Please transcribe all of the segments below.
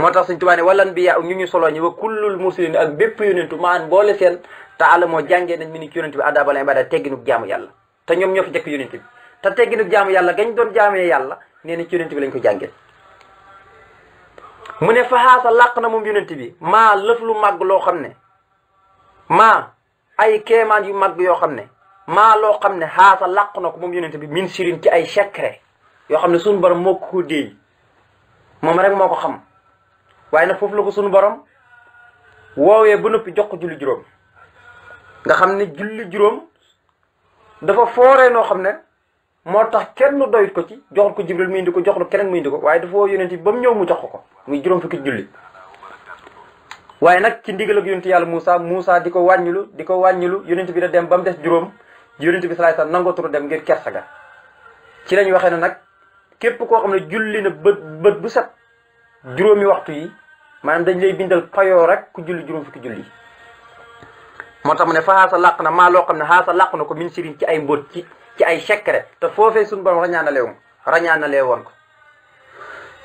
moo tax suñ tubaa ne walan bi yaa ñu ñu solo ñi wa kullul muslimin ak bépp yonentu maan boole seen te àlla moo jàngee nañ mi ni ci yonent bi adabala ibada tegginug jaamu yàlla te ñoom ñoo fi jëkk yonent bi teggi tegginug jaamu yàlla gañ doon jaamee yàlla nee na ci yonent bi lañ ko jàngee mu ne faxaasa làq na moom yonent bi maa lëf lu màgg loo xam ne maa ay kéemaan yu màgg yoo xam ne maa loo xam ne xaasa làq na ko moom yonent bi min sirin ci ay secret yoo xam ne suñu borom moo ko déey xam waaye nag foofu la ko suñu borom woowee ba noppi jox ko julli juróom nga xam ne julli juróom dafa fooree noo xam ne moo tax kenn doyut ko ci joxul ko jibril mu indi ko joxul keneen mu indi ko waaye dafa woo yonent yi ba mu ñëw mu jox ko ko juróom fukki julli waaye nag ci ndigal ak yonent yàlla Moussa Moussa di ko wàññilu di ko wàññilu yonent bi da dem ba mu des juróom yonent bi salaay salaam dem ngir kersa ga ci lañ waxee ne nag képp koo xam ne julli na bët bët bu set juróomi waxtu yi maanaam dañ lay bindal payo rek ku julli juróom fukki julli moo tax mu ne fa xaasa làq na maa loo xam ne xaasa làq na ko min sirin ci ay mbóot ci ay secret te foofee suñu borom rañaanalee woon rañaanalee woon ko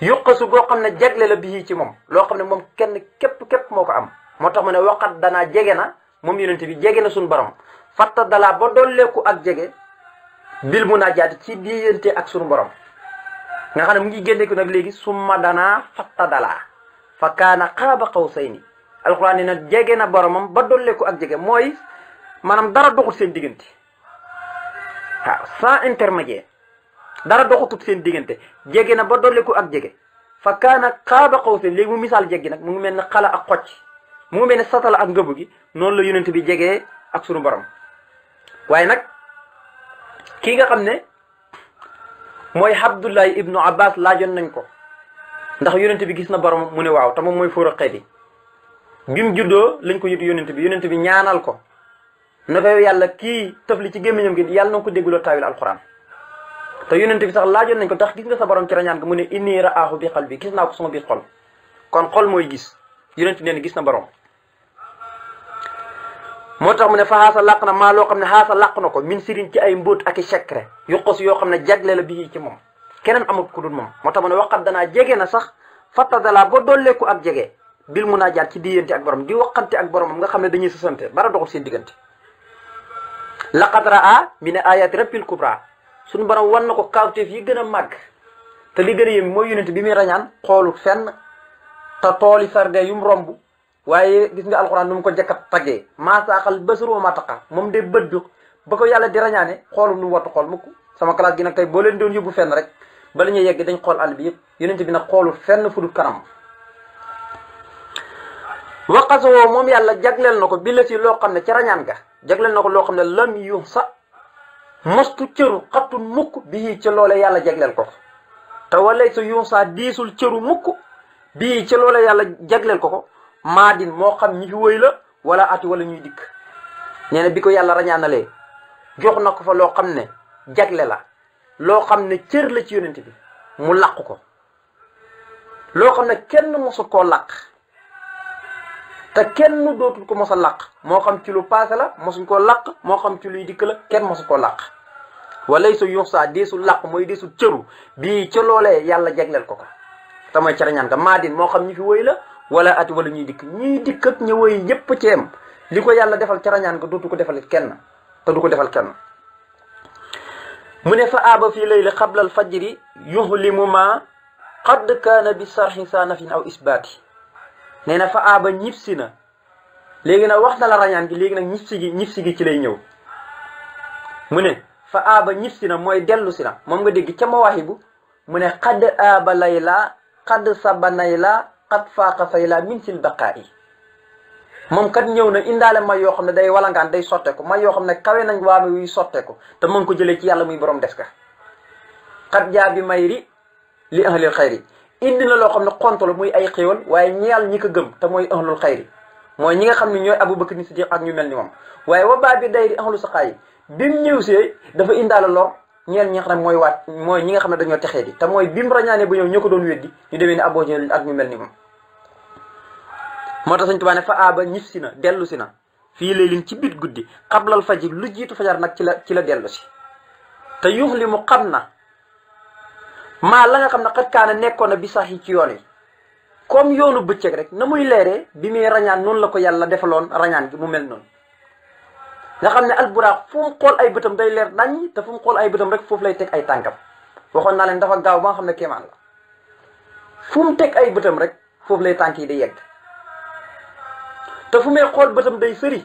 yuqasu boo xam ne jagle la bii ci moom loo xam ne moom kenn képp képp moo ko am moo tax mu ne waqat danaa jege na moom yonente bi jege na suñu borom fatta dalaa ba dolleeku ak jege bil mu naa jaati ci diyante ak sunu borom nga xam ne mu ngi génne nag léegi summa danaa fatta dalaa fa kaana xaaba qawsayni alxuraan nee na jege na boromam ba dolli ko ak jege mooy maanaam dara doxut seen diggante waaw sans intermédiaire dara doxutut seen diggante jege na ba dolli ko ak jege fa kaana xaaba qawsayni léegi mu misaal jeggi nag mu ngi mel ne xala ak xocc mu ngi mel ne satala ak ngëbu gi noonu la yonent bi jegee ak sunu borom waaye nag kii nga xam ne mooy Abdullahi ibnu Abbas laajoon nañ ko. ndax yonent bi gis na borom mu ne waaw te moom mooy fóora xeet yi bi mu juddoo lañ ko yët yonent bi yonent bi ñaanal ko ne ko yàlla kii tëfli ci gémmiñam gi yàlla na ko dégguloo taawil alxuraan te yonent bi sax laajoon nañ ko ndax gis nga sa borom ci rañaan ko mu ne inni raahu bi xal bi gis naa ko sama biir xol kon xol mooy gis yonent bi nee gis na borom moo tax mu ne fa xaasa làq na maa loo xam ne xaasa làq na ko min sirin ci ay mbóot ak i secret yu yoo xam ne jagle la bii ci moom keneen amul ku dul moom moo tax mu ne waqat danaa jege na sax fattadalaa boo dolleeku ak jege bil mun a jaar ci diggante ak borom di waqante ak boromam nga xam ne dañuy sosante bara doxul seen diggante laqad raa min ayati rabbil kubra suñu borom wan na ko kaawteef yi gën a màgg te li gën a yem mooy yonent bi muy rañaan xoolu fenn te tooli sarde yu mu romb waaye gis nga alxuraan nu mu ko jëkkat taggee maasaaxal basuro mataqa moom de bët bi ba ko yàlla di rañaane xoolu nu mu xool mukk sama classe gi nag tey boo leen doon yóbbu fenn rek bala ñuy yegg dañ xool àll bi yëpp yonent bi nag xoolul fenn fu dul kanam waqasoo moom yàlla jagleel na ko bi la loo xam ne ca rañaan ga jagleel na ko loo xam ne lam yu sa mostu cëru xattu mukk bii ca loole yàlla jagleel ko te walay sa cëru mukk bii ca loole yàlla jagleel ko ko maadin moo xam ñi fi wëy la wala ati wala ñuy dikk nee bi ko yàlla rañaanalee jox na ko fa loo xam ne jagle la loo xam ne cër la ci yonent bi mu làq ko loo xam ne kenn mosul koo làq te kenn dootul ko mos a làq moo xam ci lu paase la mosuñ koo làq moo xam ci luy dikk la kenn mosu koo làq walay su yox saa deesul làq mooy deesul cëru bii ca loolee yàlla jagleel ko ko te mooy carañaan nga maadin moo xam ñi fi woy la wala at wala ñuy dikk ñuy dikk ak ñi woy yépp ci li ko yàlla defal carañaan nga dootu ko defal kenn te du ko defal kenn mu ne fa aaba fii xablal faj al fajri yuhlimu ma qad kaana bi sarxi saanafin aw isbaati nee na fa aaba ñibsi na léegi nag wax na la rañaan gi léegi nag ñibsi gi ñibsi gi ci lay ñëw mu ne fa aaba ñibsi na mooy dellu si na moom nga dégg ca bu mu ne xad aaba lay laa xad saba nay laa xad faaqa fay laa min sil baqaa'i moom kat ñëw na indaale may yoo xam ne day walangaan day sotteeku may yoo xam ne kawe nañ waame wuy sotteeku te mën ko jëlee ci yàlla muy borom def ka xat jaa bi may ri li ahlil xayri indi na loo xam ne la muy ay xéewal waaye ñeel ñi ko gëm te mooy ahlul xayri mooy ñi nga xam ne ñooy abubakar ni siddiq ak ñu mel ni moom waaye wa baa bi day ri ahlu saqaayi bi mu ñëw see dafa indaale lor ñeel ñi nga mooy waat mooy ñi nga xam ne dañoo texee di mooy bi mu rañaanee ba ñëw ko doon weddi ñu demee ak ñu mel ni moom moo tax Sëñ Tuubaa ne fa aaba ñib si na dellu si na fii léegi ci biir guddi xablal faji lu jiitu fajar nag ci la ci la dellu si te yuux li mu xam na maa la nga xam ne xat kaana nekkoon na bi sax yi ci yoon yi comme yoonu bëccëg rek na muy leeree bi muy rañaan noonu la ko yàlla defaloon rañaan gi mu mel noonu nga xam ne alburaax fu mu xool ay bëtam day leer naññ te fu mu xool ay bëtam rek foofu lay teg ay tànkam waxoon naa leen dafa gaaw ba nga xam ne kéemaan la fu teg ay bëtam rek foofu lay tànk yi di yegg te fu may xool bëtam day fëri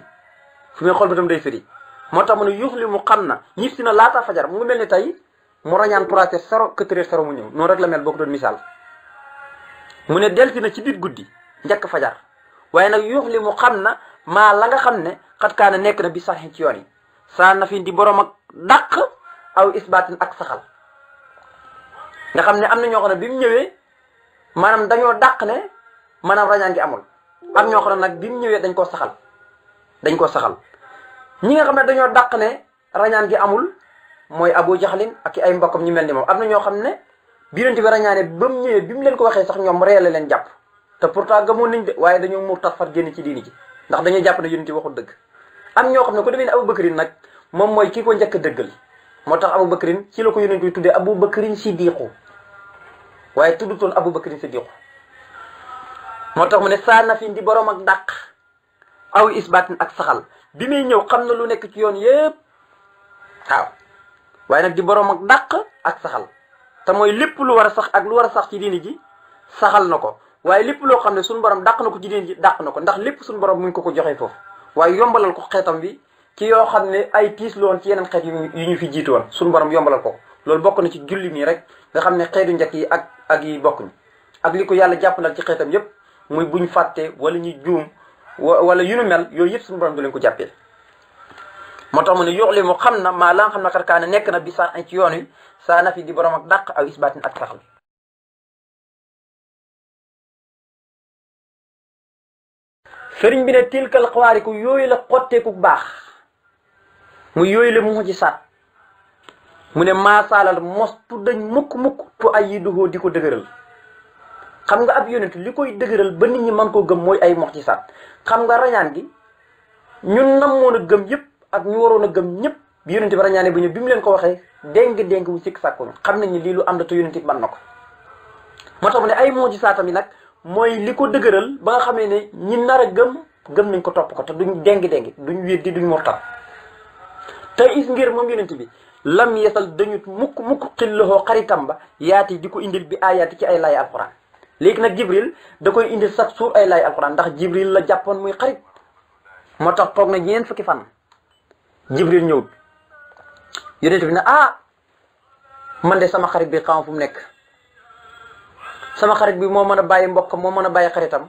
fu may xool bëtam day fëri moo tax mu ne yuux mu xam na ñib si na laataa fajar mu ngi mel ni tey mu rañaan trois saro quatre heures saro mu ñëw noonu rek la mel boo ko doon misaal mu ne delsi na ci biir guddi njëkk fajar waaye nag yuux mu xam na maa la nga xam ne xat kaana nekk na bi sax ci yoon yi saa na fi di borom ak dàq aw isbaatin ak saxal nga xam ne am na ñoo xam ne bi mu ñëwee maanaam dañoo daq ne maanaam rañaan gi amul am ñoo xam ne nag bi mu ñëwee dañ koo saxal dañ koo saxal ñi nga xam ne dañoo dàq ne rañaan gi amul mooy Abu Jaxlin ak ay mbokkam ñu mel ni moom am na ñoo xam ne bi yonent bi rañaane ba mu ñëwee bi mu leen ko waxee sax ñoom ree leen jàpp te pourtant gëmoon nañ de waaye dañoo muur tas far génn ci diini ji ndax dañoo jàpp ne yonent waxul dëgg am ñoo xam ne ko demee ne Abu Bakrin nag moom mooy kii ko njëkk a li moo tax Abu Bakrin ci la ko yonent bi tuddee Abu Bakrin Siddiqu waaye tuddutoon Abu Bakrin Siddiqu moo tax mu ne saa nafin di borom ak dàq aw isbaatin ak saxal bi muy ñëw xam na lu nekk ci yoon yépp waaw waaye nag di borom ak dàq ak saxal te mooy lépp lu war a sax ak lu war a sax ci diini ji saxal na ko waaye lépp loo xam ne suñu borom dàq na ko ci diini ji dàq na ko ndax lépp suñu borom mu ngi ko ko joxee foofu waaye yombalal ko xeetam bi ci yoo xam ne ay tiis loon ci yeneen xeet yu ñu fi jiitu woon suñu borom yombalal ko loolu bokk na ci julli nii rek nga xam ne xeetu njëkk yi ak ak yi bokkuñu ak ko yàlla jàppalal ci xeetam yépp muy buñ fàtte wala ñu juum wala yu mel yooyu yëpp suñu borom du leen ko jàppee moo tax mu ne yox mu xam na maa la nga xam ne xarkaane nekk na bi saa ci yoon saa na fi di borom ak dàq aw isbaatin ak saxal bi ne tilkal xawaariku yooyu la baax mu yooyu la mu ci saat mu ne maasaalal mos tu dañ mukk mukk tu ay yi duhoo di ko dëgëral xam nga ab yonent li koy dëgëral ba nit ñi man koo gëm mooy ay moxtisaat xam nga rañaan gi ñun namoon a gëm yëpp ak ñu waroon a gëm ñëpp yonent bi rañaane bu ñëw bi mu leen ko waxee dénk-dénk bu sikk sàkkuñu xam nañ ni lii lu am la na ko moo mu ne ay moxtisaatam yi nag mooy li ko dëgëral ba nga xamee ne ñi nar a gëm gëm nañ ko topp ko te duñ déng-déng duñ weddi duñ murtat te is ngir moom yonent bi lam yesal dañu mukk mukk xilloo xaritam ba yaati di ko indil bi aayaati ci ay lay alxuraan léegi nag jibril da koy indi sax suur ay lay alquran ndax jibril la jàppoon muy xarit moo tax toog na ñeent fukki fan jibril ñëwut yonent bi ne ah man de sama xarit bi xam fu mu nekk sama xarit bi moo mën a bàyyi mbokk moo mën a bàyyi xaritam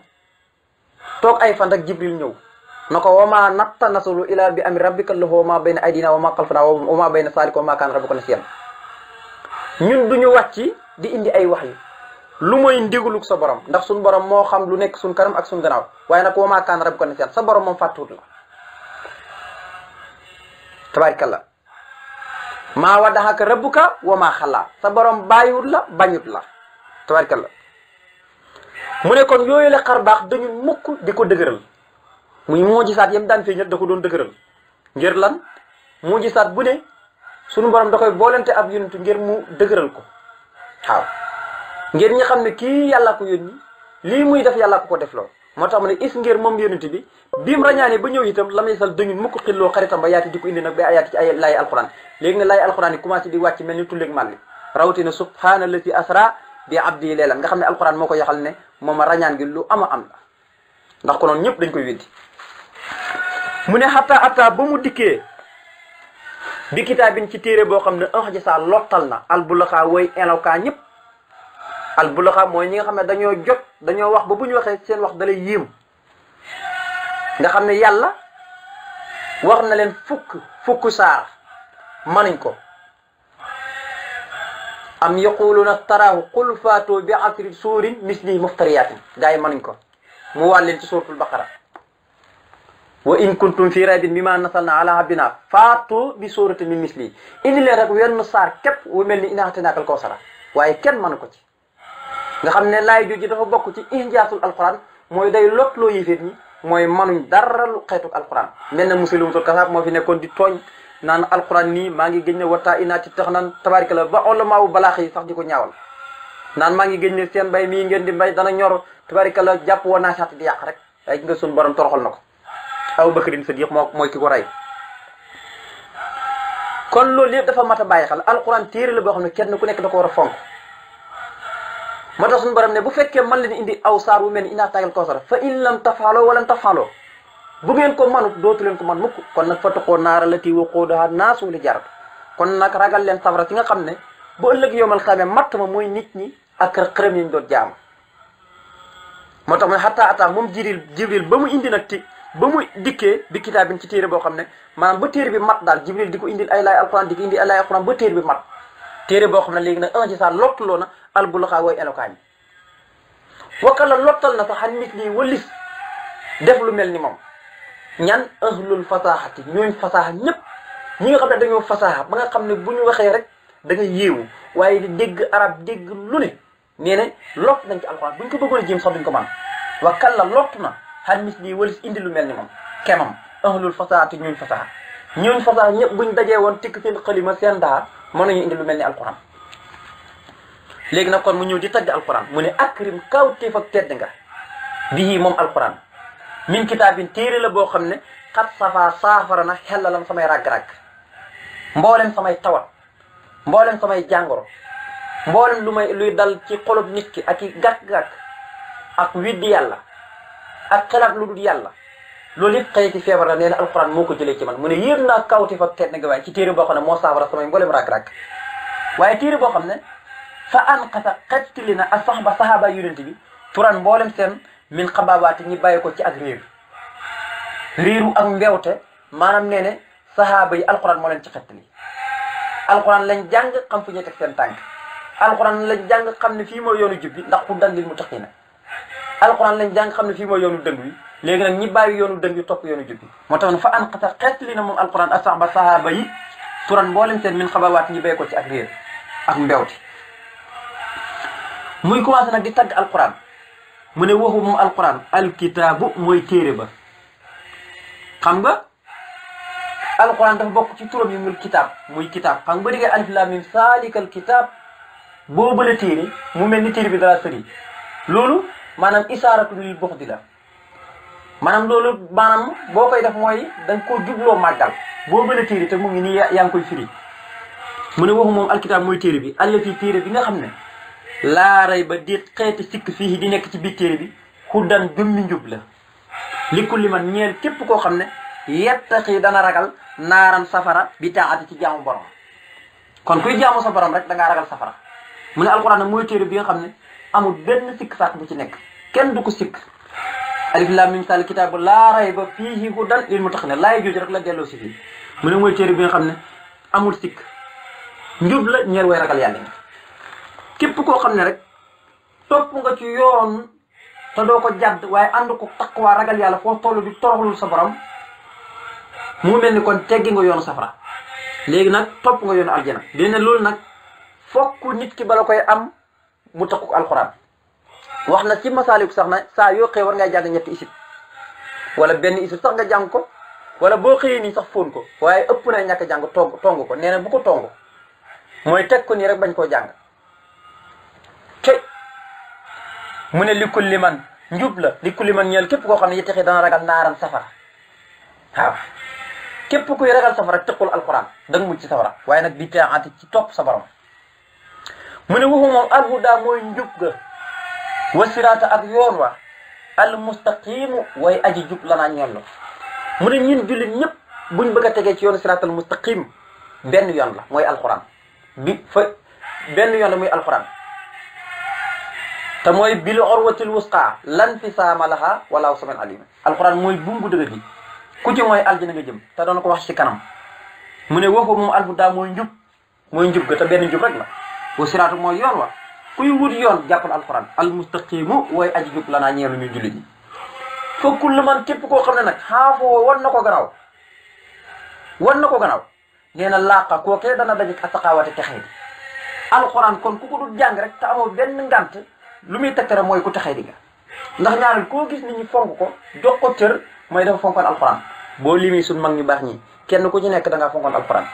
toog ay fan rek jibril ñëw na ko wama natta nasulu ila bi ami rabbika lahu wama bayna aydina wama xalfana wama bayna salik wama kaan rabbika nasiyan ñun duñu wàcc di indi ay wax yi lu mooy ndigalug sa borom ndax suñ borom moo xam lu nekk suñ kanam ak suñ gannaaw waaye nag wama kaana rabbuka nasiyan sa borom moom fàttuwut la tabaarikalla maa waddaxaka rabbuka wama xalaa sa borom bàyyiwut la bañut la tabaarikalla mu ne kon yooyu la xar dañu mukk di ko dëgëral muy moo gisaat yam daan feeñal da ko doon dëgëral ngir lan moo saat bu ne sunu borom da koy boolente ab yonentu ngir mu dëgëral ko waaw ngir ñi xam ne kii yàlla ko yónni lii muy def yàlla ko ko defloo moo tax mu ne is ngir moom yónnent bi biim rañaane ba ñëw itam la may sal dañu mukk xilloo xaritam ba yaati di ko indi nag ba ayaati ci ay laay alquran léegi ne laay alquran yi commencé di wàcc mel ni tulleeg màlli rawatina subhaanallati asra bi abdi leelan nga xam ne alquran moo ko yaxal ne moom a rañaan gi lu ama am la ndax ko noonu ñëpp dañ koy weddi mu ne xataa ataa ba mu dikkee bi kitaabin ci téere boo xam ne un xaji saa lottal na albulaxaa wooy elawkaa ñëpp al bulaxa mooy ñi nga xam ne dañoo jot dañoo wax ba bu ñu waxee seen wax dalay yéem nga xam ne yàlla wax na leen fukk fukk saar manuñ ko am yaquluuna taraahu qul faatu bi asri suurin misli muftariyaatin gaa yi manuñ ko mu wàll leen ci suuratul baqara wa in kuntum fi raybin mimma nasalna ala abdina faatu bi suuratin min misli indi leen rek wenn saar képp wu mel ni inaa aataynaakal kawsara waaye kenn manu ko ci nga xam ne laay jooju dafa bokk ci injaasul alquran mooy day loo yéeféet ñi mooy manuñ dara lu xeetu alquran mel na musalimatul kasaab moo fi nekkoon di tooñ naan alquran nii maa ngi génne wataa inaati tax naan tabarika la ba olamaawu balaax yi sax ko ñaawal naan maa ngi génne seen mbay mii ngeen di mbay dana ñor tabarika jàpp woon naa saati di yàq rek ay nga suñu borom toroxal na ko aw bakrin sadiq moo mooy ko rey kon loolu yëpp dafa mat a bàyyi xel alquran téere la boo xam ne kenn ku nekk da ko war a fonk moo tax suñu borom ne bu fekkee man leen indi aw saar wu mel ni inaa taagal kawsara fa in lam tafaaloo walan tafaaloo bu ngeen ko man dootu leen ko man mukk kon nag fattaqoo naara lati waquudahaa naasu wal hijaara kon nag ragal leen safara si nga xam ne bu ëllëg yoomal xamee matt ma mooy nit ñi ak xërëm yi ñu doon jaam moo tax mu ne xataa ataa moom jibril jibril ba mu indi nag ti ba mu dikkee bi kitaabin ci téere boo xam ne maanaam ba téere bi mat daal jibril di ko indil ay laay alquran di ko ba téere bi mat téere boo xam ne léegi nag un ci saa lottuloo na albulaxaa way elokaani wakkala lottal na fa xan nit lii walis def lu mel ni moom ñan ahlul fasaxati ñooñ fasaxa ñëpp ñi nga xam ne dañoo fasaxa ba nga xam ne bu ñu waxee rek da nga yéewu waaye di dégg arab dégg lu ne nee ne lott nañ ci alxuraan buñ ko bëggoon a jéem sax duñ ko man wakkala lott na xan nit lii walis indi lu mel ni moom kemam ahlul fasaxati ñooñ fasaxa ñooñ fasaxa ñëpp buñ dajee woon tikk seen xalima seen daar mën nañu indi lu mel ni alxuraan léegi nag kon mu ñëw di tagg alquran mu ne akrim kawtéef ak tedd nga bii moom alquran min kitaabin téere la boo xam ne xat safa saafara na xelalam samay rag ràgg mboolem samay tawat mboolem samay jàngoro mboolem lu may luy dal ci xolub nit ki ak i gàkk-gàkk ak widdi yàlla ak xelaat lu dul yàlla loolu yëpp xëy ci feebar la nee na alquran moo ko jëlee ci man mu ne yéen naa kawtéef ak tedd nga waaye ci téere boo xam ne moo saafara samay mboolem ràgg-ràgg waaye téere boo xam ne fa an xasa xettali na ak saxba saxaaba yonent bi turan mboolem seen min xabaabaati ñi bàyyi ko ci ak riir riiru ak mbewte maanaam nee ne saxaaba yi alquran moo leen ci xettali alquran lañ jàng xam fu ñuy teg seen tànk alquran lañ xam ne fii mooy yoonu jub bi ndax ku dandil mu taxi na alquran lañ jàng xam ne fii mooy yoonu dëng wi léegi nag ñi bàyyi yoonu dëng wi topp yoonu jub bi moo tax fa an xasa xettali na moom alquran a saxba saxaaba yi turan mboolem seen min xabaabaati ñi bàyyi ci ak riir ak mbewte muy commencé nag di tagg alquran mu ne waxu moom alquran alkitaabu mooy téere ba xam nga alquran dafa bokk ci turam yi mul kitaab muy kitaab xam nga diggee alif laam mim saalikal kitaab boo bële téere mu mel ni téere bi dara sëri loolu maanaam isaaratu lil box di la maanaam loolu maanaam boo koy def mooy da nga koo jubloo màggal boo bële téere te mu ngi nii yaa ngi koy firi mu ne waxu moom alkitaab mooy téere bi allati téere bi nga xam ne laaray ba déet xeeti sikk fii di nekk ci biir téere bi xuddan jummi njub la li kulli man ñeel képp koo xam ne yettaxi dana ragal naaram safara bi taati ci jaamu borom kon kuy jaamu sa borom rek danga ngaa ragal safara mu ne alquran nag mooy téere bi nga xam ne amul benn sikk sàkk bu ci nekk kenn du ko sikk alif laam mim sal kitaabu laa rayba fiihi hudan lil muttaqin laay jooju rek la delloo si fii mu ne mooy téere bi nga xam ne amul sikk njub la ñeel way ragal yàlla képp koo xam ne rek topp nga ki yoon te doo ko jàdd waaye ànd ko waa ragal yàlla foo toll di toroxlul sa borom mu benn kon teggi nga yoon safara léegi nag topp nga yoonu aljana di ne loolu nag fokk nit ki bala koy am mu takku alxuraan wax na ci masaaliku sax na saa yoo xëy war ngay jàng ñetti isib wala benn isib sax nga jàng ko wala boo xëyee nii sax fóon ko waaye ëpp na ñàkk jàng tong tong ko nee bu ko tong mooy teg ko nii rek bañ koo jàng tey mu ne li kulli man njub la li kulli man ñeel képp koo xam ne yitaxee dana ragal naaran safara waaw képp kuy ragal safara tëqul alquran ci safara waaye nag bi taati ci topp sa borom mu ne waxu moom alhuda mooy njub ga wasiraata ak yoon wa al mustaqimu way aji jub lanaa ñoon la mu ne ñun jullit ñëpp buñ bëgg a tegee ci yoon siraatal mustaqim benn yoon la mooy alquran bi fa benn yoon la muy alquran te mooy bil orwatil wusqa lan fi saama laha walaaw saman alima alquran mooy bungu dëgg gi ku ci mooy aljana nga jëm te doon ko wax ci kanam mu ne woo ko moom alfu daa njub mooy njub ga te benn njub rek la wa siraatu mooy yoon wa kuy wut yoon jàppal alquran almustaqimu way aji jub lanaa ñeelu ñu julli ji fokkul la man képp koo xam ne nag xaafoo wan na ko ganaaw wan na ko ganaaw nee na laaqa kookee dana daje asaqaawate texee bi alquran kon ku ko dul jàng lu muy tegtara mooy ku texee di ndax ñaar koo gis nit ñi fonk ko jox ko cër mooy dafa fonkoon alxuraan boo limee suñ mag ñu baax ñi kenn ku ci nekk da ngaa fonkoon alxuraan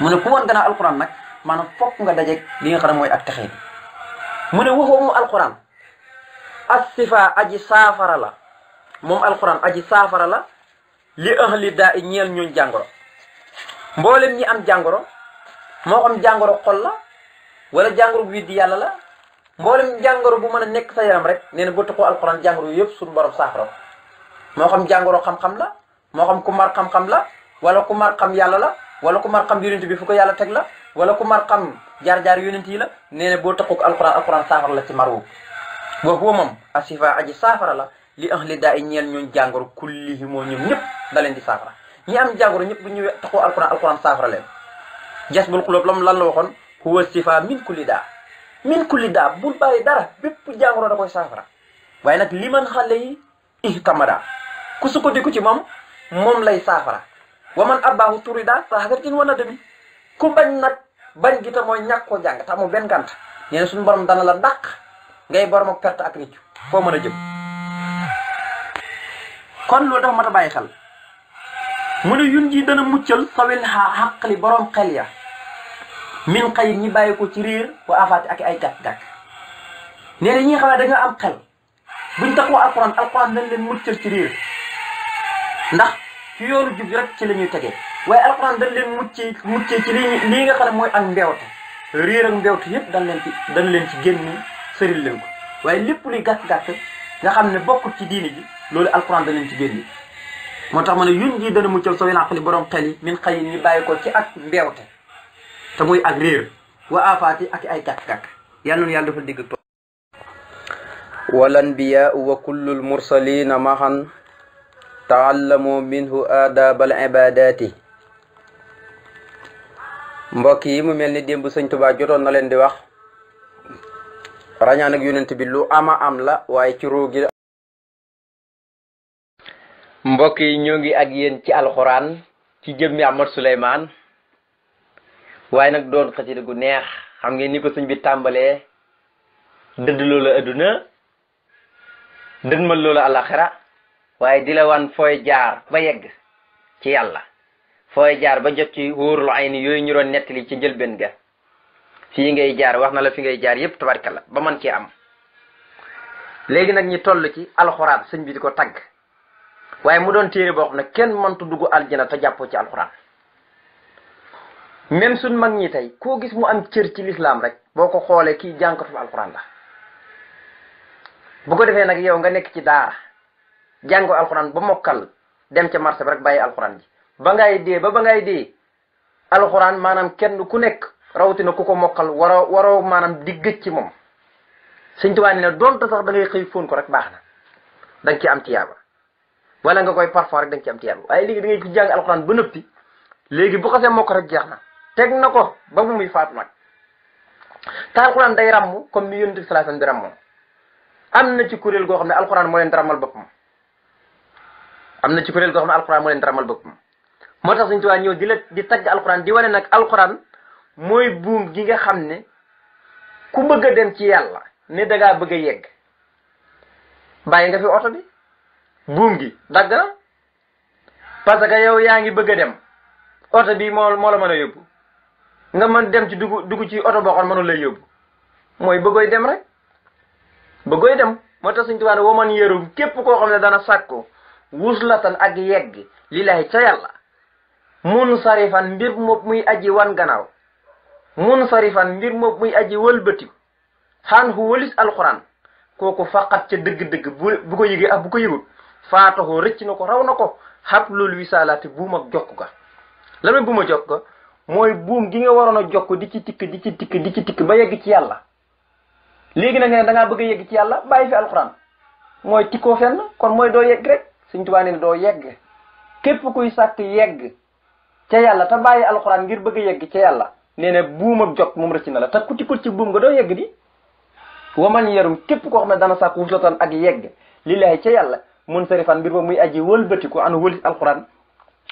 mu ne ku woon gannaaw alxuraan nag maanaam fokk nga dajeeg li nga xam ne mooy ak texee mu ne waxoo moom alxuraan saafara la moom alxuraan aji saafara la li ahli daa i ñeel ñooñ jàngoro mboolem ñi am jàngoro moo xam jàngoro xol la wala jàngoro bu widdi yàlla la mboolem jàngoro bu man a nekk sa yaram rek nee na boo taxoo alxuraan jàngoro yëpp suñu borom saafara moo xam jàngoro xam-xam la moo xam ku mar xam-xam la wala ku mar xam yàlla la wala ku mar xam yonent bi fu yàlla teg la wala ku mar xam jaar-jaar yonent yi la nee na boo taxoo alxuraan alxuraan saafara la ci mar wu wa huwa moom asifa aji saafara la li ahli daa i ñeel ñooñ jàngoro kullihi moo ñoom ñëpp da leen di saafara ñi am jàngoro ñëpp bu ñëwee taxoo alxuraan alxuraan saafara leen jas bul xulóob lam lan la waxoon huwa sifa min kulli daa min kulli daa bul bàyyi dara bépp jàngoro da koy saafara waaye nag li man xale yi ihtamada ku sukkandiku ci moom moom lay saafara wa man abbaahu turi daa saxaratin wa nadami ku bañ nag bañ gi te mooy ñàkk koo jàng te amul benn suñu borom dana la dàq ngay borom ak perte ak réccu foo mën a jëm kon loolu dafa mat a bàyyi xel mu ne yun ji dana muccal sawil xaqli borom xel ya min xay ñi bàyyi ci riir wa afaati ak ay gàkk-gàkk nee na ñi nga xam ne dañoo am xel buñ taxoo alquran alquran nañ leen muccal ci riir ndax ci yoonu jub rek ci la ñuy tegee waaye alquran dañ leen muccee muccee ci lii nga xam ne mooy ak mbewte riir ak mbewte yëpp dañ leen ci dañ leen ci génn sëril leen ko waaye lépp luy gàkk-gàkk nga xam ne bokkul ci diini ji loolu alquran dañ leen ci génn moo tax ma ne yun ji dana muccal soo wenaqali borom xel yi min xay ni bàyyi ko ci ak mbewte te muy ak réer wa afaati ak ay kàkk-kàkk yal nañu yàlla defal dégg ak toog walanbiyaa wa kullul mursalina maxan taallamu minhu aadaabal ibadaati mbokk yi mu mel ni démb sëñ Tuubaa jotoon na leen di wax rañaan ak yonent bi lu ama am la waaye ci ruu gi mbokk yi ñoo ngi ak yéen ci alxuraan ci jëmmi Ahmad Souleymane waaye nag doon xasida gu neex xam ngeen ni ko suñ bi tàmbalee dëdd loola adduna dëdmal loola alaxira waaye di la wan fooy jaar ba yegg ci yàlla fooy jaar ba jot ci wóorul ay ni yooyu ñu doon nettali ci njëlbeen ga fii ngay jaar wax na la fi ngay jaar yépp tabarkalla ba man kee am léegi nag ñi toll ci alxuraan sëñ bi di ko tagg waaye mu doon téere boo xam ne kenn mëntu dugg aljana te jàppoo ci alxuraan même suñ mag ñi tey koo gis mu am cër ci lislaam rek boo ko xoolee kii jànkatu alxuraan la bu ko defee nag yow nga nekk ci daa jàngoo alxuraan ba mokkal dem ca marché bi rek bàyyi alxuraan ba ngay dee ba ba ngay dee alxuraan maanaam kenn ku nekk rawatina ku ko mokkal waroo waroo maanaam di gëj ci moom suñ tubaab ne doonte sax da ngay xëy fóon ko rek baax na da nga ci am tiyaaba wala nga koy parfois rek da nga am tiyaaba waaye léegi da ngay jàng alxuraan ba nëppi léegi bu xasee mokk rek jeex na teg na ko ba bu muy faat nag te alxuraan day ràmm comme ni yonent bi sallallahu alayhi wasallam am na ci kuréel goo xam ne alxuraan moo leen ràmmal boppam am na ci kuréel goo xam ne alxuraan moo leen ràmmal boppam moo tax suñu tubaab ñëw di la di tagg alxuraan di ware nag alxuraan mooy buum gi nga xam ne ku bëgg a dem ci yàlla ne dangaa bëgg a yegg bàyyi nga fi oto bi buum gi dagg na parce que yow yaa ngi bëgg a dem oto bi moo moo la mën a yóbbu nga man dem ci dugg dugg ci oto boo xam mënu lay yóbbu mooy bëggooy dem rek bëggooy dem moo tax suñ tubaab ne waman yëru képp koo xam ne dana sàkku wuslatan ak yegg lillahi ca yàlla mun sarifan mbir moom muy aji wan gannaaw mun sarifan mbir moom muy aji wëlbatiku xaan hu wëlis alxuraan kooku faqat ca dëgg-dëgg bu bu ko yëgee ak bu ko yëgul faataxoo rëcc na ko raw na ko xablul wisaalaati buum ak jokk ga la muy buum a jokk mooy buum gi nga waroon a jokk di ci tikk di ci tikk di ci tikk ba yegg ci yàlla léegi nag nga ne bëgg a yegg ci yàlla bàyyi fi alxuraan mooy tikkoo fenn kon mooy doo yegg rek Sëñ Tuubaa ne doo yegg képp kuy sàkk yegg ca yàlla te bàyyi alxuraan ngir bëgg a yegg ca yàlla nee na buum ak jot moom rëcc na la te ku tikkul ci buum nga doo yegg di waman yarum képp koo xam ne dana sàkk wuslatan ak yegg lillaahi ca yàlla mun sarifan mbir ba muy aji wëlbatiku an wëlis alxuraan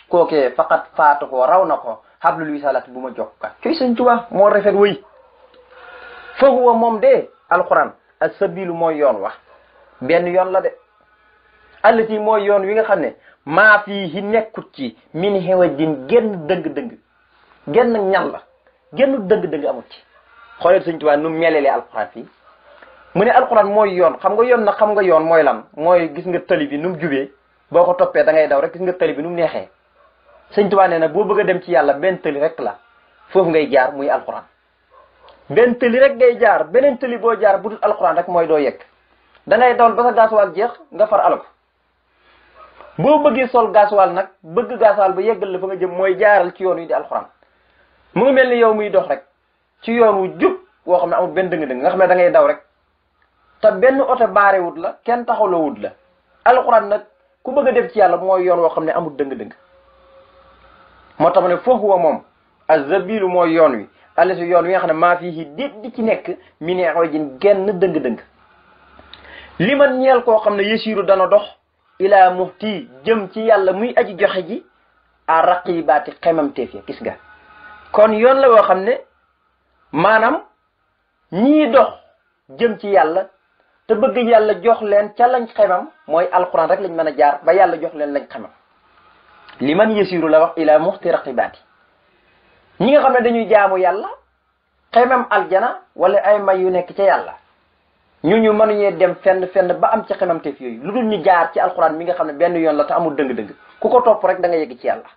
kookee faqat faatu ko raw na ko xablul wisaalaat bu ma jokka cuy sëñ Tuubaa moo rafet wëy fahuwa moom de alquran ak sabilu mooy yoon wa benn yoon la de allati mooy yoon wi nga xam ne maa fii hi nekkut ci min xewa jin genn dëng-dëng genn ñan la genn dëng-dëng amut ci xoolee sëñ Tuubaa nu melelee alquran fii mu ne alquran moo yoon xam nga yoon nag xam nga yoon mooy lan mooy gis nga tali bi nu mu jubee boo ko toppee da ngay daw rek gis nga tali bi nu mu neexee sëñ Tuubaa nag boo bëgg a dem ci yàlla benn tëli rek la foofu ngay jaar muy alxuraan benn tëli rek ngay jaar beneen tëli boo jaar bu dul alxuraan rek mooy doo yegg da ngay dawal ba sa gaasuwaal jeex nga far alko boo bëggee sol gaasuwaal nag bëgg gaasuwaal ba yeggal la fa nga jëm mooy jaaral ci yoon wi di alxuraan mu ngi mel ni yow muy dox rek ci yoon wu jub woo xam ne amul benn dëng-dëng nga xam ne da ngay daw rek te benn oto baarewut la kenn taxawloo wut la alxuraan nag ku bëgg a dem ci yàlla mooy yoon woo xam ne amul dëng-dëng moo tax ma ne foofu wa moom azabilu mooy yoon wi alesi yoon wi nga xam ne maa fii déet di ci nekk mi ne ji genn dëng-dëng li man ñeel koo xam ne yasiru dana dox ilaa muhti jëm ci yàlla muy aji joxe ji à raqibaati xemam teef ya gis nga kon yoon la woo xam ne maanaam ñii dox jëm ci yàlla te bëgg yàlla jox leen ca lañ xemam mooy alxuraan rek lañ mën a jaar ba yàlla jox leen lañ xemam li man yasiru la wax ila muxti raqibaati ñi nga xam ne dañuy jaamu yàlla xemam aljana wala ay may yu nekk ca yàlla ñu ñu mënuñee dem fenn fenn ba am ci xemam teef yooyu lu dul ñu jaar ci alxuraan mi nga xam ne benn yoon la te amul dëng-dëng ku ko topp rek da nga yegg ci yàlla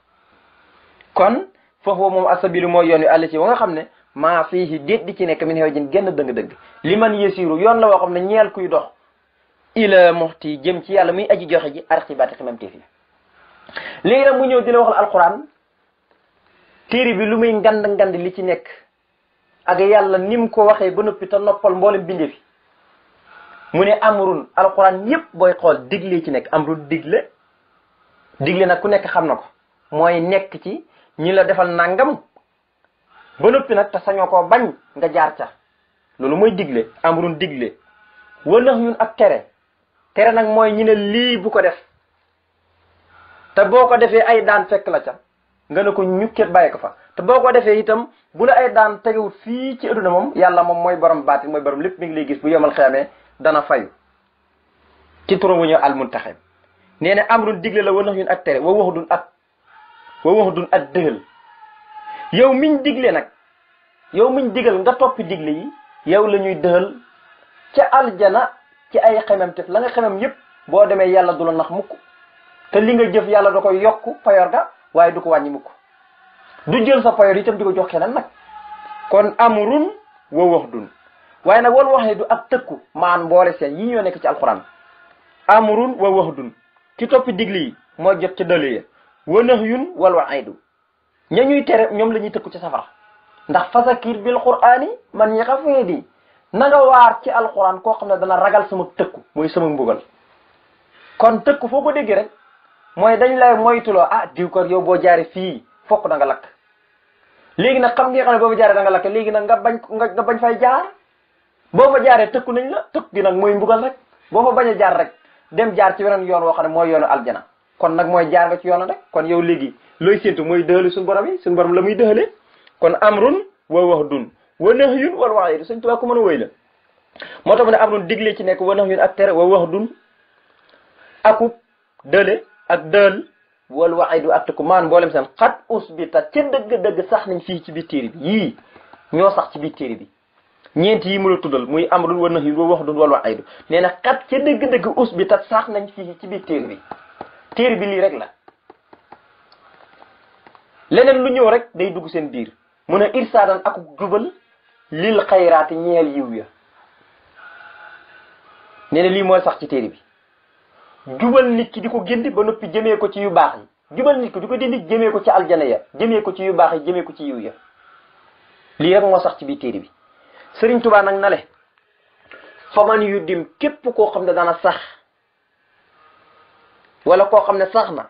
kon foofu moom asabilu mooy yoon wi àll ci wa nga xam ne maa fiihi déet di ci nekk min xew jin génn dëng-dëng li man yasiru yoon la woo xam ne ñeel kuy dox ila muxti jëm ci yàlla muy aji joxe ji arxibaati xemam teef léegi nag mu ñëw di la waxal alquran téere bi lu muy ngand ngand li ci nekk ak yàlla ni ko waxee ba noppi te noppal mboolem bindee fi mu ne amrun alquran yépp booy xool digle ci nekk amrun digle digle nag ku nekk xam na ko mooy nekk ci ñi la defal nangam ba noppi nag te sañoo koo bañ nga jaar ca loolu mooy digle amrun digle wanax ñun ak tere tere nag mooy ñu ne lii bu ko def te boo ko defee ay daan fekk la ca nga ne ko ñukket bàyyi ko fa te boo ko defee itam bu la ay daan tegewut fii ci adduna moom yàlla moom mooy borom baatin mooy borom lépp mi ngi lay gis bu yomal xeamee dana fayu ci turam wu nee na amrun digle la wa nax ak tere wa wax dun ak wa wax ak dëhël yow miñ digle nag yow miñ digal nga topp digle yi yow lañuy ñuy dëhël ca aljana ci ay xemem tef la nga xemem yépp boo demee yàlla du la nax mukk te li nga jëf yàlla da koy yokk payor ga waaye du ko wàññi mukk du jël sa yi tam di ko jox keneen nag kon amrun wa waxdun waaye nag wal waxee du ak tëkku maan mboole seen yi ñoo nekk ci alxuraan amrun wa waxdun ki toppi digli yi moo jot ci dali ya wa nahyun wal waidu ña ñuy tere ñoom la ñuy tëkku ci safara ndax fasakir bil qur'aani man ñi xafee di na nga waar ci alxuraan koo xam ne dana ragal sama tëkku mooy sama mbugal kon mooy dañ lay moytuloo ah diw kër yow boo jaaree fii fokk da nga lakk léegi nag xam nga xam ne boo fa jaaree nga lakk léegi nag nga bañ nga bañ fay jaar boo fa jaaree tëkku nañ la tëkk gi nag mooy mbugal rek boo fa bañ a jaar rek dem jaar ci weneen yoon woo xam ne mooy yoonu aljana kon nag mooy jaar nga ci yoona rek kon yow léegi looy séntu mooy dëhale suñu borom yi suñu borom la muy dëhale kon am amrun wa wahdun wa nahyun wal wa'iid suñ tubaab ko mën a wéy la moo tax mu ne amrun digle ci nekk wa nahyun ak tere wa wahdun akub dëhale ak dël wal waxidu ak tukku maan mboolem seen xat usbita ca dëgg-dëgg sax nañ fii ci biir téere bi yii ñoo sax ci biir téere bi ñeent yi mu la tuddal muy amrun wa nahyun wax waxdun wal waxidu nee na xat ca dëgg-dëgg usbita sax nañ fii ci biir téere bi téere bi lii rek la leneen lu ñëw rek day dugg seen biir mun a irsaadan ak jubal lil xayraati ñeel yiw ya nee na lii mooy sax ci téere bi jubal nit ki di ko gindi ba noppi jëmee ko ci yu baax yi jubal nit ki di ko gindi jëmee ko ci aljana ya jëmee ko ci yu baax yi jëmee ko ci yiw ya lii rek moo sax ci biir bi sëriñ tubaa nag na le faman yu dim képp koo xam ne daana sax wala koo xam ne sax na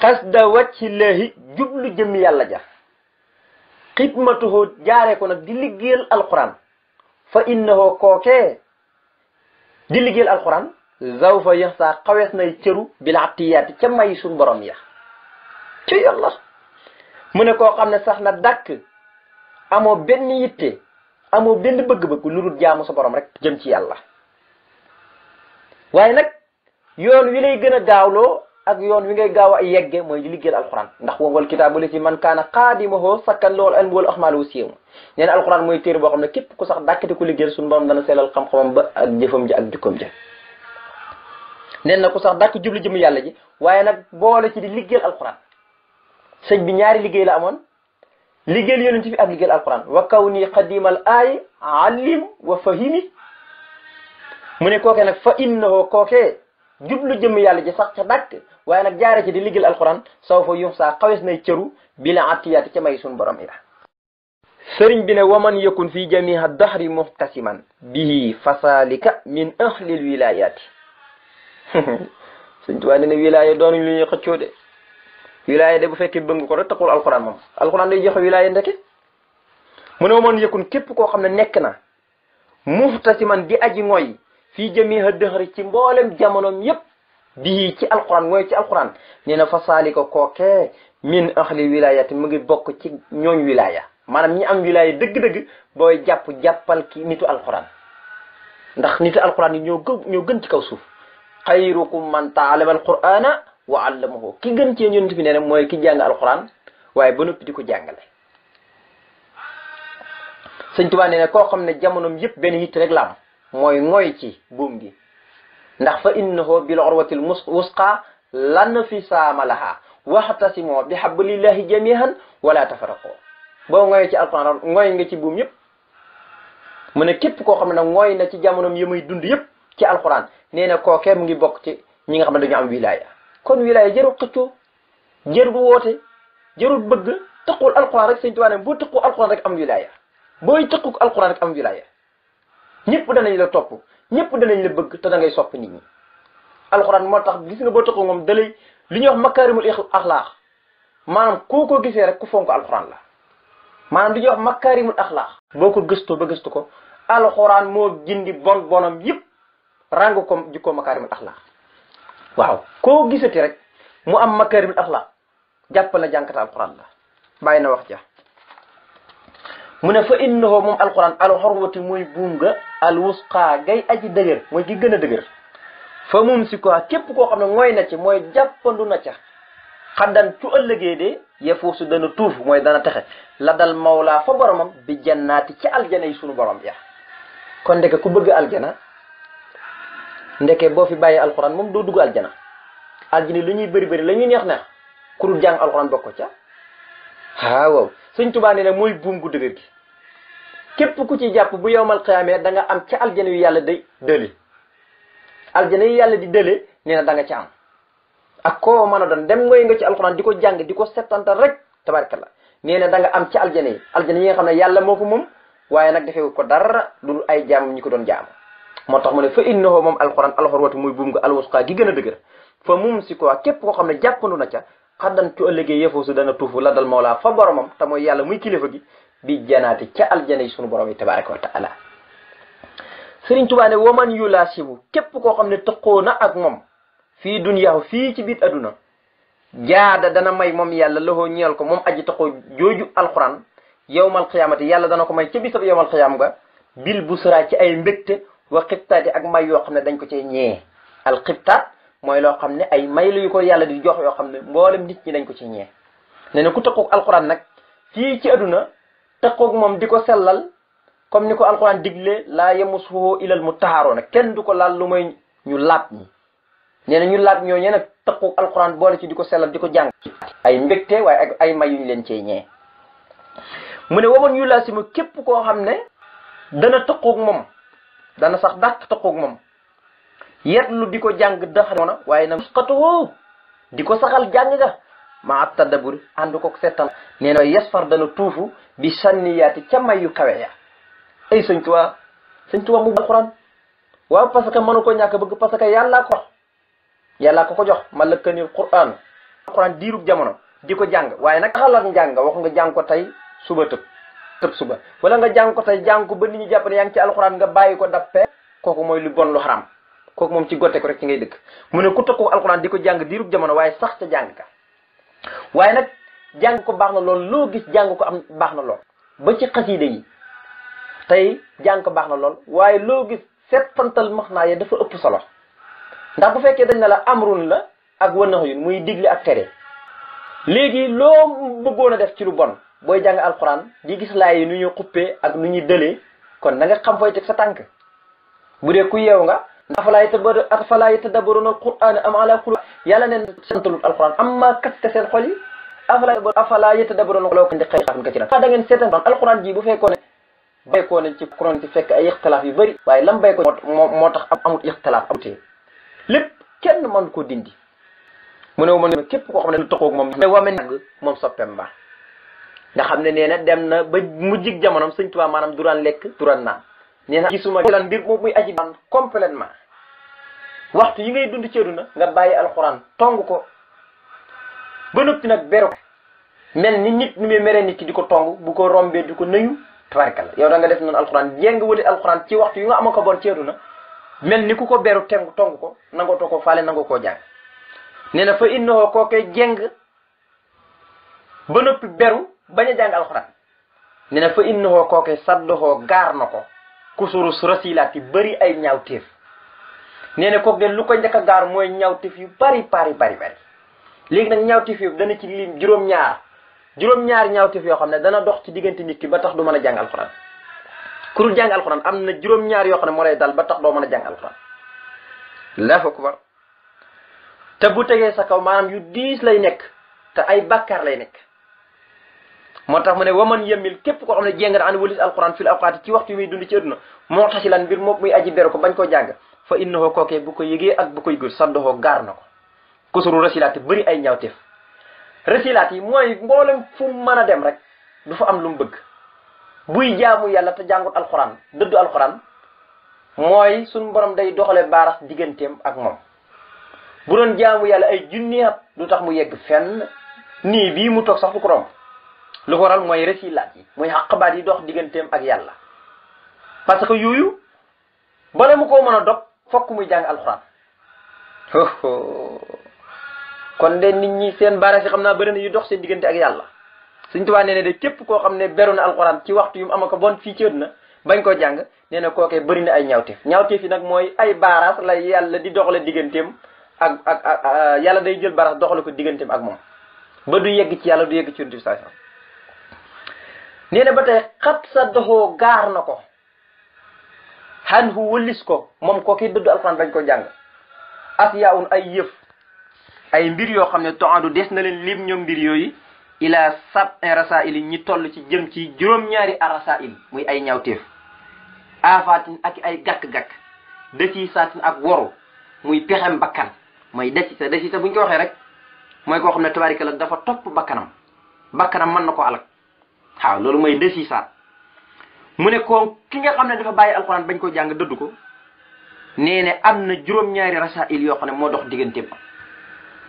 xas da wàcci laahi jublu jëmmi yàlla ja xidmatuhu jaaree ko nag di liggéeyal alquran fa innahu kookee di liggéeyal alquran zaw fa yéex saa xawees nay cëru bilaa tiyaati ca may suñ borom ya ci yàlla mu ne koo xam ne sax na dàkk amoo benn yitte amoo benn bëgg-bëgg lu dul jaamu sa borom rek jëm ci yàlla waaye nag yoon wi lay gën a gaawloo ak yoon wi ngay gaaw a yegge mooy di liggéeyal alxuraan ndax wawal kitaabu la ci man kaana xaadimahu sakkan loolu almu wal axmaal wu siiw nee na mooy téere boo xam ne képp ko sax dàkkati ko liggéeyal suñu borom dana seelal xam-xamam ba ak jëfam ja ak jikkoom ja neen na ku sax dàkk jublu jëmu yàlla ji waaye nag boole ci di liggéeyal alquran sëñ bi ñaari liggéey la amoon liggéeyal yonent bi ak liggéeyal alquran wa kaw nii xadimal aayi allim wa fahimi mu ne kookee nag fa innahu kookee jublu jëmm yàlla ji sax ca waaye nag jaare ci di liggéeyal alquran saw fa yum saa xawes nay cëru bila atiyaati ca may suñu borom ila sëriñ bi ne waman yakun fi jamiha dahri muhtasiman bihi fasalika min ahlil wilayaati sëñ Tuubaa ne ne wilaaya doonuñ lu ñuy xëccoo de wilaaya de bu fekkee bëgg ko rek taxul alxuraan moom alxuraan day joxe wilaaya ndeke mu ne yëkkun képp koo xam ne nekk na man di aji mooy fii jëmee a dëxëri ci mboolem jamonoom yépp bii ci alxuraan mooy ci alxuraan nee na fasaali ko kookee min ahli wilaayati mu ngi bokk ci ñooñ wilaaya maanaam ñi am wilaaya dëgg-dëgg booy jàpp jàppal ki nitu alxuraan ndax nitu alxuraan yi ñoo gën gën ci kaw suuf xayrukum man taalama alqur'ana wa allamahu ki gën ci yonent bi nee na mooy ki jàng alquran waaye ba noppi di ko jàngale sëñ Tuubaa nee na koo xam ne jamonoom yëpp benn yitt rek la mooy mooy ci buum gi ndax fa innahu bil urwatil wusqa lan fi saama laha waxtasimoo bi hablillahi jamihan wala tafaraqoo boo ngoyee ci alquran ngooy nga ci buum yépp ma ne képp koo xam ne nag ngooy na ci jamonoom yi muy dund yëpp ci alquran nee na kookee mu ngi bokk ci ñi nga xam ne dañu am wilaya kon wilaya jëru xëccoo jëru woote jëru bëgg tëqul alquran rek sëñ Tuubaa ne boo tëqu alquran rek am wilaya booy tëqu alquran rek am wilaya ñëpp danañ la topp ñëpp danañ la bëgg te da ngay sopp nit ñi alquran moo tax gis nga boo tëqu moom dalay li ñuy wax makaarimul axlaax maanaam koo ko gisee rek ku fonk alquran la maanaam li ñuy wax makaarimul axlaax boo ko gëstoo ba gëstu ko alquran moo gindi bon bonam yëpp ràng ko jikkoo makaarimul axlaq waaw koo gisati rek mu am makaarimul axlaq jàppal na jànkata alquran la bàyyi na wax ja mu ne fa innahu moom alquran al xorwati muy buum al wusqaa gay aji dëgër mooy gi gën a dëgër fa mum si quoi képp koo xam ne mooy na ci mooy jàppandu na ca xaddan cu ëllëgee de yefu su dana tuuf mooy dana texe la dal mawlaa fa boromam bi jannaati ci aljana yi sunu borom ya kon ndeke ku bëgg aljana ndeke boo fi bàyyee alxuraan moom doo dugg aljana aljani lu ñuy bari bari lañuy neex neex ku dul jàng alxuraan ca ah waaw sëñ na buum gu dëgër ku ci jàpp bu yowmal xiyaamee da nga am ca aljana yu yàlla day dële aljana yu yàlla di dële nee na da nga ca am ak koo mën a doon dem ngoy nga ci alxuraan di ko jàng di ko settantal rek tabarkalla nee na da nga am ci aljana yi aljana yi nga xam ne yàlla moo ko moom waaye nag defewu ko dara dul ay jaamam ñi ko doon jaamu moo tax mu ne fa innahu moom alquran alxorwatu muy buum nga alwusqaa gi gën a dëgër fa mumsikuha képp ko xam ne jàppandu na ca xaddan cu ëllëgee yëfoosu dana tuufu la dal mawla fa boromam te mooy yàlla muy kilifa gi bi janaati ca aljana yi sunu borom yi tabaraka wa taala sëriñ tubaa ne waman yulaasibu képp koo xam ne tëqoo na ak moom fii duniyaahu fii ci biit adduna jaada dana may moom yàlla loxoo ñeel ko moom aji tëqoo jooju alquran yowmal qiyaamati yàlla dana ko may ca bisab yowmal qiyaam ga bil ci ay mbégte wa xibtaat yi ak may yoo xam ne dañ ko cee ñee al xibtaat mooy loo xam ne ay may lu ko yàlla di jox yoo xam ne mboolem nit ñi dañ ko ci ñee ne ne ku tëqoog alquran nag fii ci adduna tëqoog moom di ko sellal comme ni ko alquran digle laa yamusuhu ilal mutahharuun kenn du ko laal lu mooy ñu laab ñi nee na ñu laab ñoo ñee nag tëqoog alquran boole ci di ko sellal di ko jàng ay mbégte waaye ak ay may yu ñu leen cee ñee mu ne waman yu laasimu képp koo xam ne dana tëqoog moom dana sax dàq taqoog moom yet lu di ko jàng daxoona waaye nag usqatuhu di ko saxal jàng ga ma at tadaburi ànd ko settan nee na yasfar dana tuufu bi sanniyaati ca may yu kawe ya ay sëñ tuwaa sëñ tuwaa mu alxuraan waaw parce que mënu ko ñàkk bëgg parce que yàllaa ko yàllaa ko ko jox ma lëkkanil quraan alxuraan diirub jamono di ko jàng waaye nag xalaat njàng waxu nga jàng ko tey suba tëb tëb suba wala nga jàng ko tey jàng ko ba nit ñi jàpp ne yaa ngi ci alxuraan nga bàyyi ko dappee kooku mooy lu bon lu xaram kooku moom ci gotte ko rek ci ngay dëkk mu ne ku takku alxuraan di ko jàng diirub jamono waaye sax ca jàng ka nag jàng ko baax na lool loo gis jàng ko am baax na lool ba ci xasiida yi tey jàng ko baax na lool waaye loo gis settantal max naa ya dafa ëpp solo ndax bu fekkee dañ na la amrun la ak wanax yun muy digle ak tere léegi loo bëggoon def ci lu bon booy jàng alxuraan di gis laay yi nu ñuy xuppee ak nu ñuy dëlee kon na xam fooy teg sa tànk bu dee ku yeew nga afalaa yatadabbaru afalaa yatadabbaruuna alquraan am ala quluub yàlla neen santalul alxuraan amma kaste seen xol yi afalaa afalaa yatadabbaruuna law kaana xayran kasiiran da ngeen seetaan alxuraan ji bu fekkoon ne baykoo ne ci kuroon ci fekk ay ixtilaaf yu bëri waaye lam bay ko moo moo tax amut ixtilaaf amutee lépp kenn mën koo dindi mu ne ma képp koo xam ne lu taxoog moom wa men moom soppeem mbaa nga xam ne nee na dem na ba mujjig jamono sëñ Tuubaa maanaam duraan lekk duraan naan nee na gisuma lan mbir moom muy aji baan complètement waxtu yi ngay dund ci àddina nga bàyyi alxuraan tong ko ba noppi nag beru ni nit ni muy mere di ko tong bu ko rombee ko nuyu tabarkalla yow da nga def noonu alxuraan jéem nga wëli ci waxtu yu nga ama ko bon ci àddina mel ni ku ko beru teng tong ko nangatoo ko faale nanga koo jàng na koo koy jéng ba noppi beru bañ a jàng alxuraan ne na fa innaxoo kooke saddoxoo gaar na ko ku kusurus rasilaat yi bëri ay ñaawteef nee na kook de lu ko njëkk a gaar mooy ñaawteef yu bari bari bari bari léegi nag ñaawteef yooyu dana ci juróom-ñaar juróom-ñaar ñaawteef yoo xam ne dana dox ci diggante nit ki ba tax du mën a jàng alxuraan ku dul jàng alxuraan am na juróom-ñaar yoo xam ne moo lay dal ba tax doo mën a jàng alxuraan Allahu akbar te bu tegee sa kaw maanaam yu diis lay nekk te ay bàkkaar lay nekk moo tax mu ne waman yemil képp ko xam ne jénga an walis alquran fil awqaati ci waxtu muy dund ci adduna moo tax si ko bañ ko jàng fa innahu kookee bu ko yëgee ak bu ko yëgul saddoxoo gaar na ko kusuru rasilaat bëri ay ñaawteef rasilaat yi mooy mboolem fu mën a dem rek du fa am lu mu bëgg buy jaamu yàlla te jàngut alxuraan dëddu alxuraan mooy suñ borom day doxale baarax digganteem ak moom bu doon jaamu yàlla ay junni at du tax mu yegg fenn nii bii mu toog sax du ko romb lu ko waral mooy resilaat yi mooy xaqabaat yi dox digganteem ak yàlla parce que yooyu bala mu koo mën a dog fokk muy jàng alxuraan kon de nit ñi seen baaraas yi xam naa bëri na yu dox seen diggante ak yàlla suñ tubaa nee ne de képp koo xam ne beru na alxuraan ci waxtu yu mu ama ko bon fii ci na bañ koo jàng nee na kookee bëri na ay ñaawteef ñaawteef yi nag mooy ay baaraas lay yàlla di doxale digganteem ak ak yàlla day jël baaraas doxale ko digganteem ak moom ba du yegg ci yàlla du ci yonent bi nee na ba tey xat sa doxoo gaar na ko xaañ hu wëllis ko moom kooki dëddu alxuraan dañ ko jàng as yaa un ay yëf ay mbir yoo xam ne toandu des na leen lim ñoom mbir yooyu ila sab in rasa il ñi toll ci jëm ci juróom-ñaari arasa il muy ay ñaawteef aafaatin ak ay gàkk-gàkk dëci saatin ak woru muy pexem bakkan mooy dëci sa dëci sa bu ñu ko waxee rek mooy koo xam ne tabarika la dafa topp bakkanam bakkanam mën na ko alak waaw loolu mooy de ndesiisaat mu ne ko ki nga xam ne dafa bàyyi alxuraan bañ ko jàng dëdd ko nee ne am na juróom-ñaari rasail yoo xam ne moo dox digganteem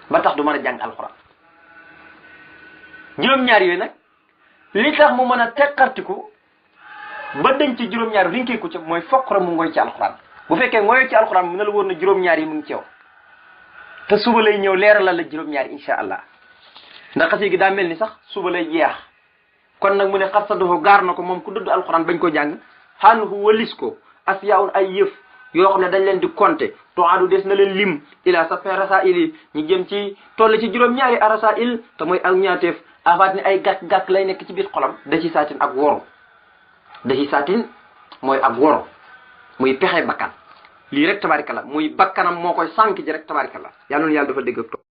ba tax du mën a jàng alxuraan juróom ñaari yooyu nag li tax mu mën a ko ba denc ci juróom ñaari li nga ko ca mooy fokkara mu ngoy ci alxuraan bu fekkee ngoy ci alxuraan mu ne la woon na juróom-ñaar yi mu ngi ci yow te suba lay ñëw leeralal la juróom-ñaar incha allah ndax xasee gi daa mel ni sax suba lay jeex. kon nag mu ne xasadahu gaar na ko moom ku dëdd alxuraan bañ ko jàng xanuhu walis ko asiyaun ay yëf yoo xam ne dañ leen di compter toadu des na leen lim ila sa rasa il yi ñu jëm ci toll ci juróom-ñaari arasa il te mooy ak ñaateef avaat ne ay gàkk-gàkk lay nekk ci biir xolam da ci saatin ak woro da ci saatin mooy ak woro muy pexe bakkan lii rek tabarika muy bakkanam moo koy sànk ji rek tabarika la yàlla na yàlla dafa dégg